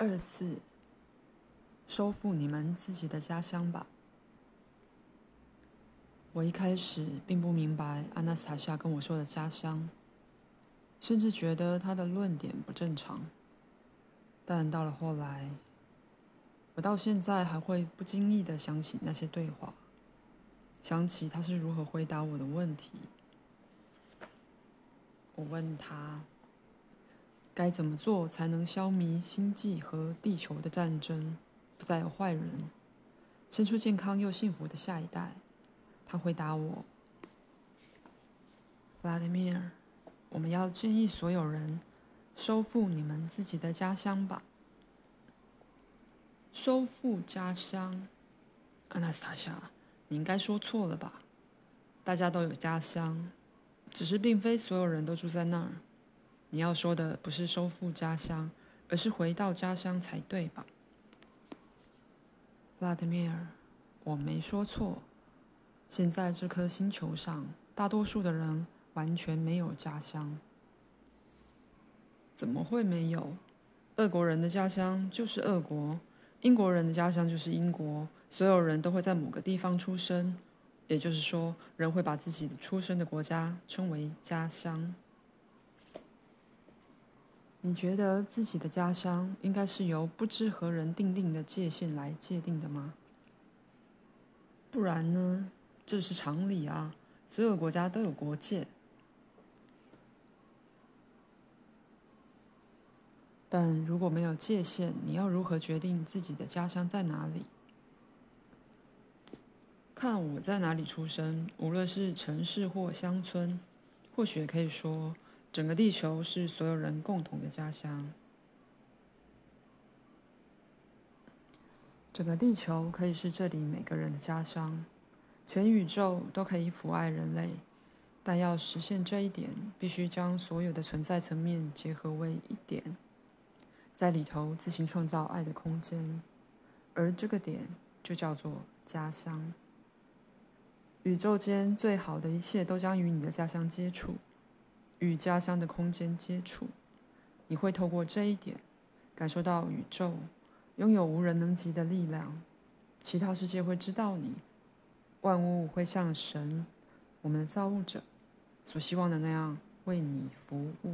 二四收復你們自己的家鄉吧。我一開始並不明白阿納斯塔夏跟我說的家鄉，甚至覺得她的論點不正常。但到了後來，我到現在還會不經意地想起那些對話，想起她是如何回答我的問題。我問她。該怎麼做才能消弭星際和地球的戰爭，不再有壞人，生出健康又幸福的下一代？他回答我：“弗拉基米爾，我們要建議所有人收復你們自己的家鄉吧。收復家鄉，安娜斯塔夏，你應該說錯了吧？大家都有家鄉，只是並非所有人都住在那兒。”你要說的不是收復家鄉，而是回到家鄉才對吧，弗拉狄米爾？我沒說錯。現在這顆星球上，大多數的人完全沒有家鄉。怎麼會沒有？俄國人的家鄉就是俄國，英國人的家鄉就是英國。所有人都會在某個地方出生，也就是說，人會把自己出生的國家稱為家鄉。你覺得自己的家鄉應該是由不知何人定定的界限來界定的嗎？不然呢？這是常理啊，所有國家都有國界。但如果沒有界限，你要如何決定自己的家鄉在哪裡？看我在哪裡出生，無論是城市或鄉村，或許也可以說。整個地球是所有人共同的家鄉。整個地球可以是這裡每個人的家鄉，全宇宙都可以撫愛人類，但要實現這一點，必須將所有的存在層面結合為一點，在裡頭自行創造愛的空間，而這個點就叫做家鄉。宇宙間最好的一切都將與你的家鄉接觸。與家鄉的空間接觸，你會透過這一點感受到宇宙擁有無人能及的力量。其他世界會知道你，萬物會像神，我們的造物者所希望的那樣為你服務。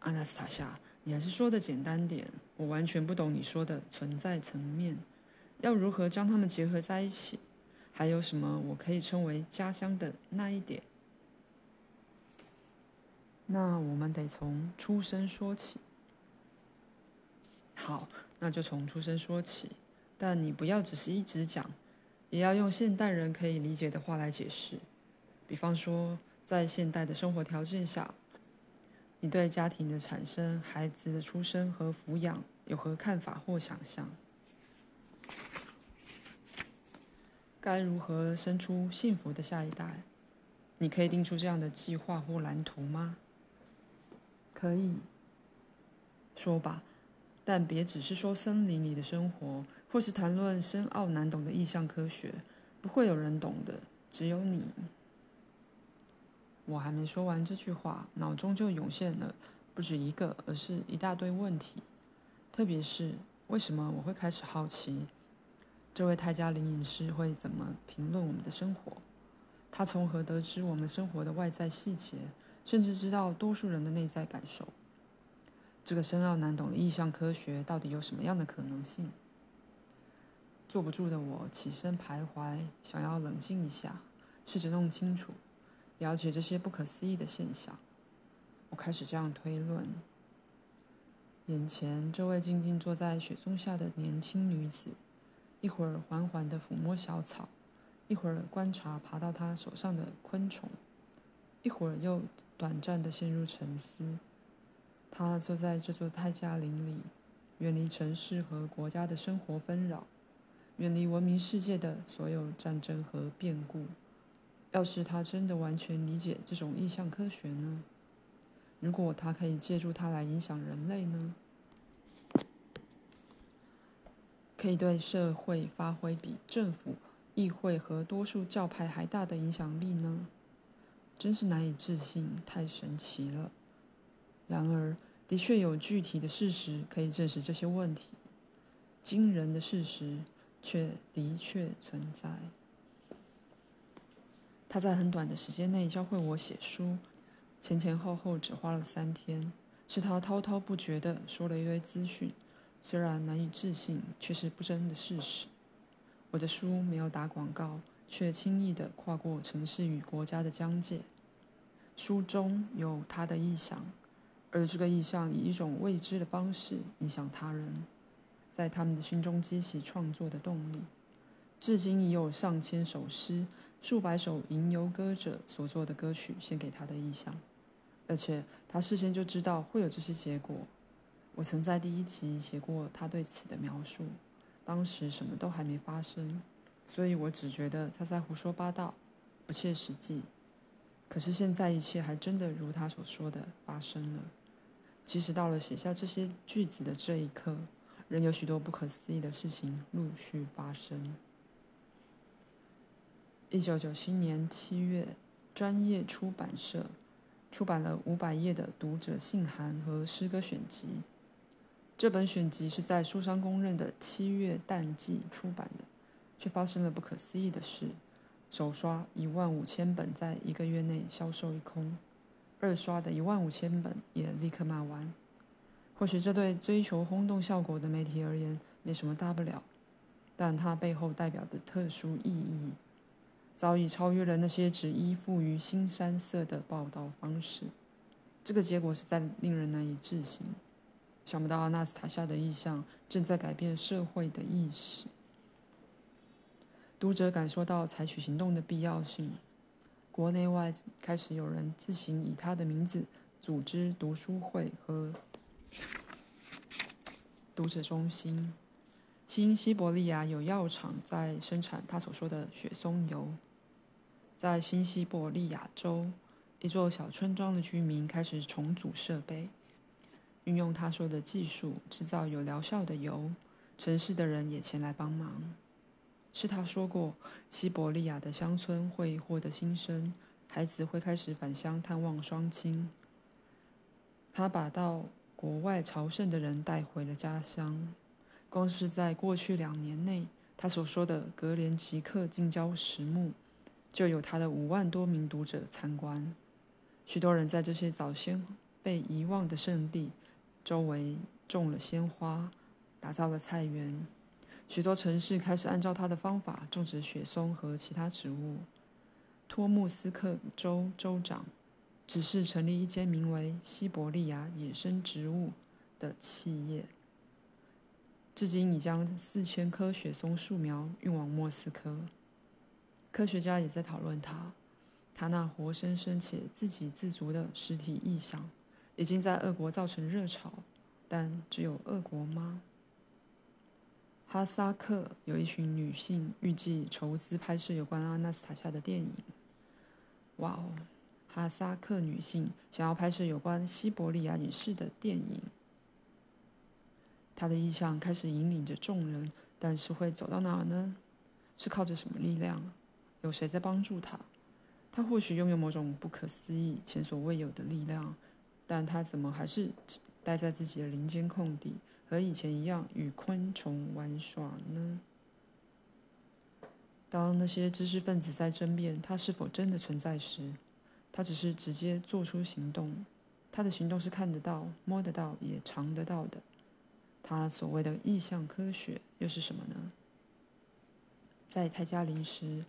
阿納斯塔夏，你還是說的簡單點，我完全不懂你說的存在層面，要如何將它們結合在一起？還有什麼我可以稱為家鄉的那一點？那我們得從出生說起。好，那就從出生說起。但你不要只是一直講，也要用現代人可以理解的話來解釋。比方說，在現代的生活條件下，你對家庭的產生、孩子的出生和撫養有何看法或想象？該如何生出幸福的下一代？你可以定出這樣的計劃或藍圖嗎？可以說吧，但別只是說森林裡的生活，或是談論深奧難懂的意象科學，不會有人懂的。只有你。我還沒說完這句話，腦中就湧現了不止一個，而是一大堆問題。特別是為什麼我會開始好奇，這位泰加林隱士會怎麼評論我們的生活？他從何得知我們生活的外在細節？甚至知道多數人的內在感受。這個深奧難懂的意象科學到底有什麼樣的可能性？坐不住的我起身徘徊，想要冷靜一下，試着弄清楚、了解這些不可思議的現象。我開始這樣推論：眼前這位靜靜坐在雪松下的年輕女子，一會兒緩緩地撫摸小草，一會兒觀察爬到她手上的昆蟲。一會兒又短暫的陷入沉思。他坐在這座泰加林裡，遠離城市和國家的生活紛擾，遠離文明世界的所有戰爭和變故。要是他真的完全理解這種意象科學呢？如果他可以借助它來影響人類呢？可以對社會發揮比政府、議會和多數教派還大的影響力呢？真是難以置信，太神奇了。然而，的確有具體的事實可以證實這些問題。驚人的事實卻的確存在。他在很短的時間內教會我寫書，前前後後只花了三天。是他滔滔不絕地說了一堆資訊，雖然難以置信，卻是不爭的事實。我的書沒有打廣告。卻輕易地跨過城市與國家的疆界。書中有他的意象，而這個意象以一種未知的方式影響他人，在他們的心中激起創作的動力。至今已有上千首詩、數百首吟遊歌者所做的歌曲獻給他的意象，而且他事先就知道會有這些結果。我曾在第一集寫過他對此的描述，當時什麼都還沒發生。所以我只覺得他在胡說八道，不切實際。可是現在一切還真的如他所說的發生了。即使到了寫下這些句子的這一刻，仍有許多不可思議的事情陸續發生。一九九七年七月，專業出版社出版了五百頁的讀者信函和詩歌選集。這本選集是在書商公認的七月淡季出版的。卻發生了不可思議的事：首刷一萬五千本在一個月內銷售一空，二刷的一萬五千本也立刻賣完。或許這對追求轟動效果的媒體而言沒什麼大不了，但它背後代表的特殊意義，早已超越了那些只依附於“新山色”的報道方式。這個結果實在令人難以置信，想不到阿納斯塔夏的意向正在改變社會的意識。讀者感受到採取行動的必要性，國內外開始有人自行以他的名字組織讀書會和讀者中心。新西伯利亞有藥廠在生產他所說的雪松油，在新西伯利亞州，一座小村莊的居民開始重組設備，運用他說的技術製造有療效的油，城市的人也前來幫忙。是他說過，西伯利亞的鄉村會獲得新生，孩子會開始返鄉探望雙親。他把到國外朝聖的人帶回了家鄉。光是在過去兩年內，他所說的格連吉克近郊石墓，就有他的五萬多名讀者參觀。許多人在這些早先被遺忘的聖地周圍種了鮮花，打造了菜園。許多城市開始按照他的方法種植雪松和其他植物。托木斯克州州長只是成立一間名為“西伯利亞野生植物”的企業，至今已將四千棵雪松樹苗運往莫斯科。科學家也在討論他，他那活生生且自給自足的實體意象，已經在俄國造成熱潮，但只有俄國嗎？哈薩克有一群女性，預計籌資拍攝有關阿納斯塔夏的電影。哇哦，哈薩克女性想要拍攝有關西伯利亞隱士的電影。她的意向開始引領着眾人，但是會走到哪兒呢？是靠着什麼力量？有誰在幫助她？她或許擁有某種不可思議、前所未有的力量，但她怎麼還是待在自己的林間空地？和以前一樣，與昆蟲玩耍呢？當那些知識分子在爭辯它是否真的存在時，他只是直接做出行動。他的行動是看得到、摸得到、也嘗得到的。他所謂的意象科學又是什麼呢？在泰加林時，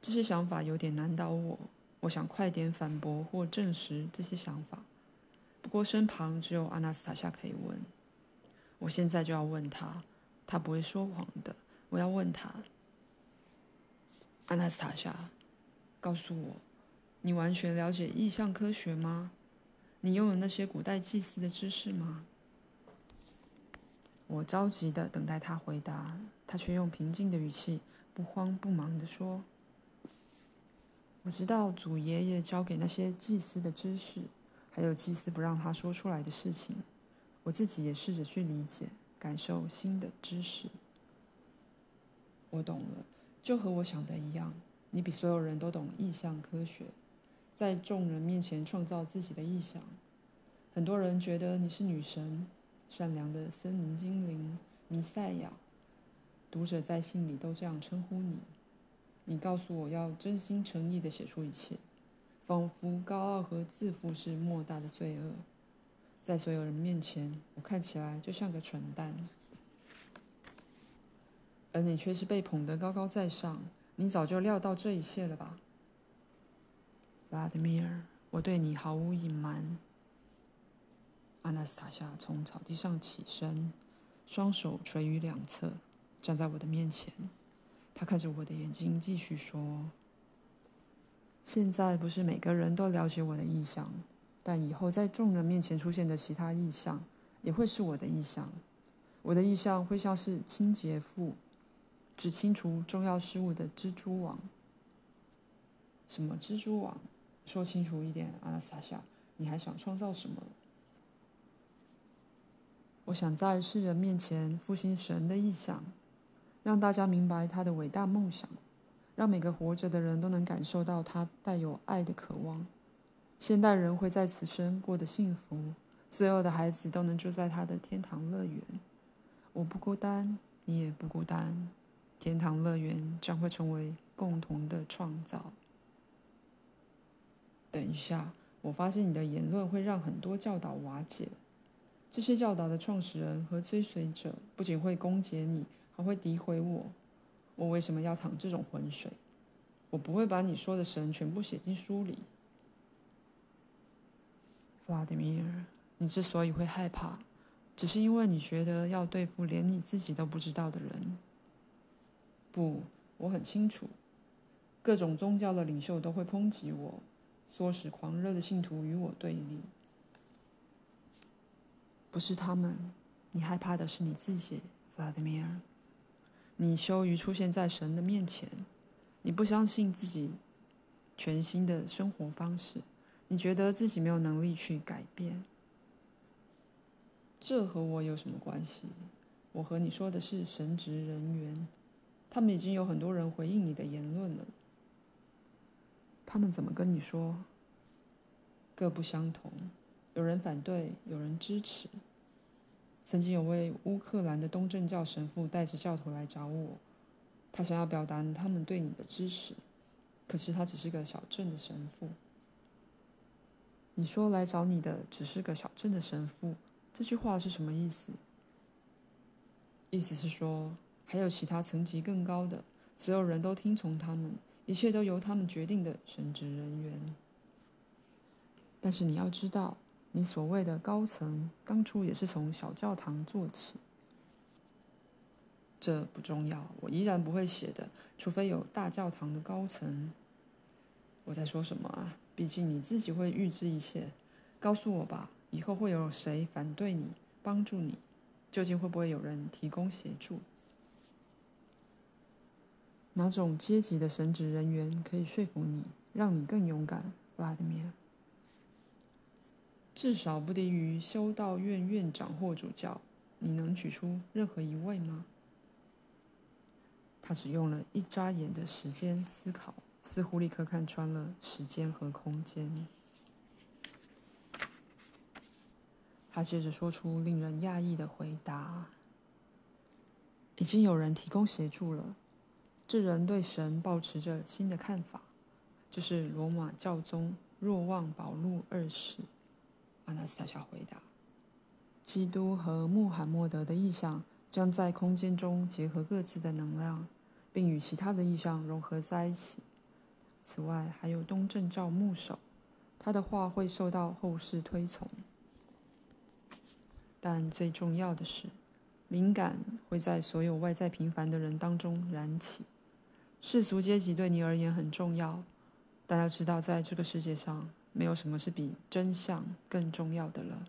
這些想法有點難倒我。我想快點反駁或證實這些想法。不過身旁只有阿納斯塔夏可以問。我現在就要問他，他不會說謊的。我要問他，安娜斯塔夏，告訴我，你完全了解意象科學嗎？你擁有那些古代祭司的知識嗎？我着急的等待他回答，他卻用平靜的語氣，不慌不忙的說：“我知道祖爺爺教給那些祭司的知識，還有祭司不讓他說出來的事情。”我自己也試着去理解、感受新的知識。我懂了，就和我想的一樣，你比所有人都懂意象科學，在眾人面前創造自己的意象。很多人覺得你是女神、善良的森林精靈、彌賽亞，讀者在信裡都這樣稱呼你。你告訴我要真心誠意地寫出一切，仿佛高傲和自負是莫大的罪惡。在所有人面前，我看起來就像個蠢蛋，而你卻是被捧得高高在上。你早就料到這一切了吧？弗拉德米爾，我對你毫無隱瞞。阿納斯塔夏從草地上起身，雙手垂於兩側，站在我的面前。他看着我的眼睛，繼續說：“現在不是每個人都了解我的意向。”但以後在眾人面前出現的其他意象，也會是我的意象。我的意象會像是清潔婦，只清除重要事物的蜘蛛網。什麼蜘蛛網？說清楚一點，阿拉薩夏。你還想創造什麼？我想在世人面前復興神的意象，讓大家明白他的偉大夢想，讓每個活着的人都能感受到他帶有愛的渴望。現代人會在此生過得幸福，所有的孩子都能住在他的天堂樂園。我不孤單，你也不孤單，天堂樂園將會成為共同的創造。等一下，我發現你的言論會讓很多教導瓦解，這些教導的創始人和追隨者不僅會攻擊你，還會詆毀我。我為什麼要淌這種渾水？我不會把你說的神全部寫進書裡。弗拉迪米爾，Vladimir, 你之所以會害怕，只是因為你覺得要對付連你自己都不知道的人。不，我很清楚，各種宗教的領袖都會抨擊我，唆使狂熱的信徒與我對立。不是他們，你害怕的是你自己，弗拉迪米爾。你羞於出現在神的面前，你不相信自己全新的生活方式。你覺得自己沒有能力去改變，這和我有什麼關係？我和你說的是神職人員，他們已經有很多人回應你的言論了。他們怎麼跟你說？各不相同，有人反對，有人支持。曾經有位烏克蘭的東正教神父帶着教徒來找我，他想要表達他們對你的支持，可是他只是個小鎮的神父。你說來找你的只是個小鎮的神父，這句話是什麼意思？意思是說還有其他層級更高的，所有人都聽從他們，一切都由他們決定的神職人員。但是你要知道，你所謂的高層當初也是從小教堂做起。這不重要，我依然不會寫的，除非有大教堂的高層。我在說什麼啊？畢竟你自己會預知一切，告訴我吧，以後會有誰反對你？幫助你？究竟會不會有人提供協助？哪種階級的神職人員可以說服你，讓你更勇敢，弗拉德米爾？至少不低於修道院院長或主教，你能取出任何一位嗎？他只用了一眨眼的時間思考。似乎立刻看穿了時間和空間。他接着說出令人訝異的回答：“已經有人提供協助了。這人對神抱持着新的看法，就是羅馬教宗若望保祿二世。”安娜斯塔夏回答：“基督和穆罕默德的意象將在空間中結合各自的能量，並與其他的意象融合在一起。”此外，還有東正教牧首，他的話會受到後世推崇。但最重要的是，敏感會在所有外在平凡的人當中燃起。世俗階級對你而言很重要，但要知道，在這個世界上，沒有什麼是比真相更重要的了。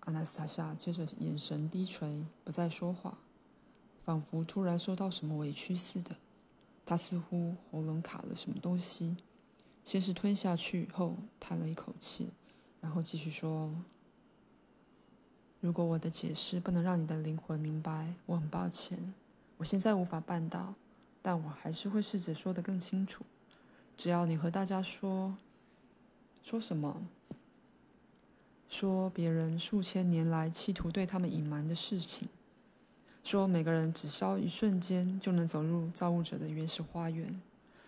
阿納斯塔夏接着眼神低垂，不再說話，仿佛突然受到什麼委屈似的。他似乎喉嚨卡了什麼東西，先是吞下去以後，後嘆了一口氣，然後繼續說：“如果我的解釋不能讓你的靈魂明白，我很抱歉，我現在無法辦到，但我還是會試着說得更清楚。只要你和大家說，說什麼？說別人數千年來企圖對他們隱瞞的事情。”說：“每個人只消一瞬間，就能走入造物者的原始花園，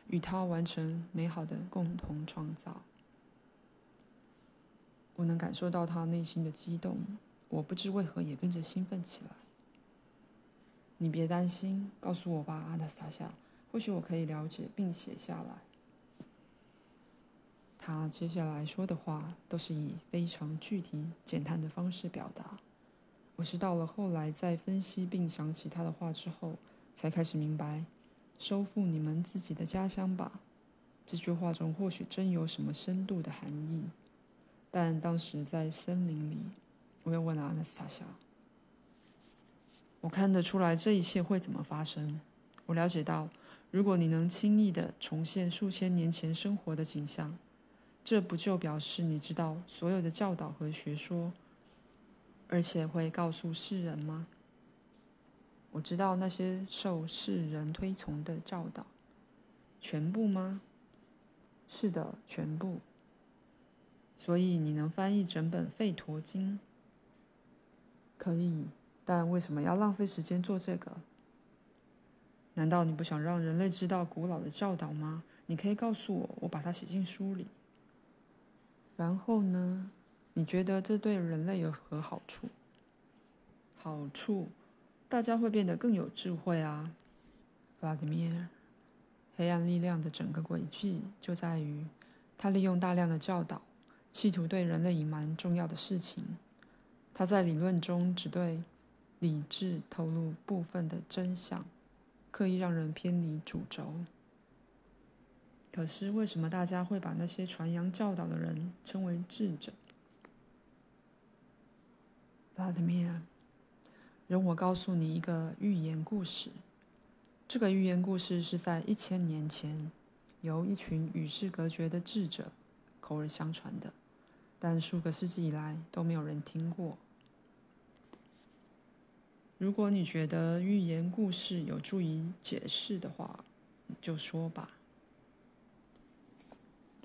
與他完成美好的共同創造。”我能感受到他內心的激動，我不知為何也跟着興奮起來。你別擔心，告訴我吧，阿納絲塔夏，或許我可以了解並寫下來。他接下來說的話都是以非常具體、簡單的方式表達。我是到了後來，在分析並想起他的話之後，才開始明白，“收復你們自己的家鄉吧”這句話中或許真有什麼深度的含義。但當時在森林裡，我又問了阿納斯塔夏：“我看得出來這一切會怎麼發生？”我了解到，如果你能輕易地重現數千年前生活的景象，這不就表示你知道所有的教導和學說？而且會告訴世人嗎？我知道那些受世人推崇的教導，全部嗎？是的，全部。所以你能翻譯整本《吠陀經》？可以，但為什麼要浪費時間做這個？難道你不想讓人類知道古老的教導嗎？你可以告訴我，我把它寫進書裡。然後呢？你覺得這對人類有何好處？好處，大家會變得更有智慧啊。Vladimir，黑暗力量的整個軌跡就在於，他利用大量的教導，企圖對人類隱瞞重要的事情。他在理論中只對理智透露部分的真相，刻意讓人偏離主軸。可是為什麼大家會把那些傳揚教導的人稱為智者？薩德米爾，容我告訴你一個寓言故事。這個寓言故事是在一千年前，由一群與世隔絕的智者口耳相傳的，但數個世紀以來都沒有人聽過。如果你覺得寓言故事有助於解釋的話，你就說吧。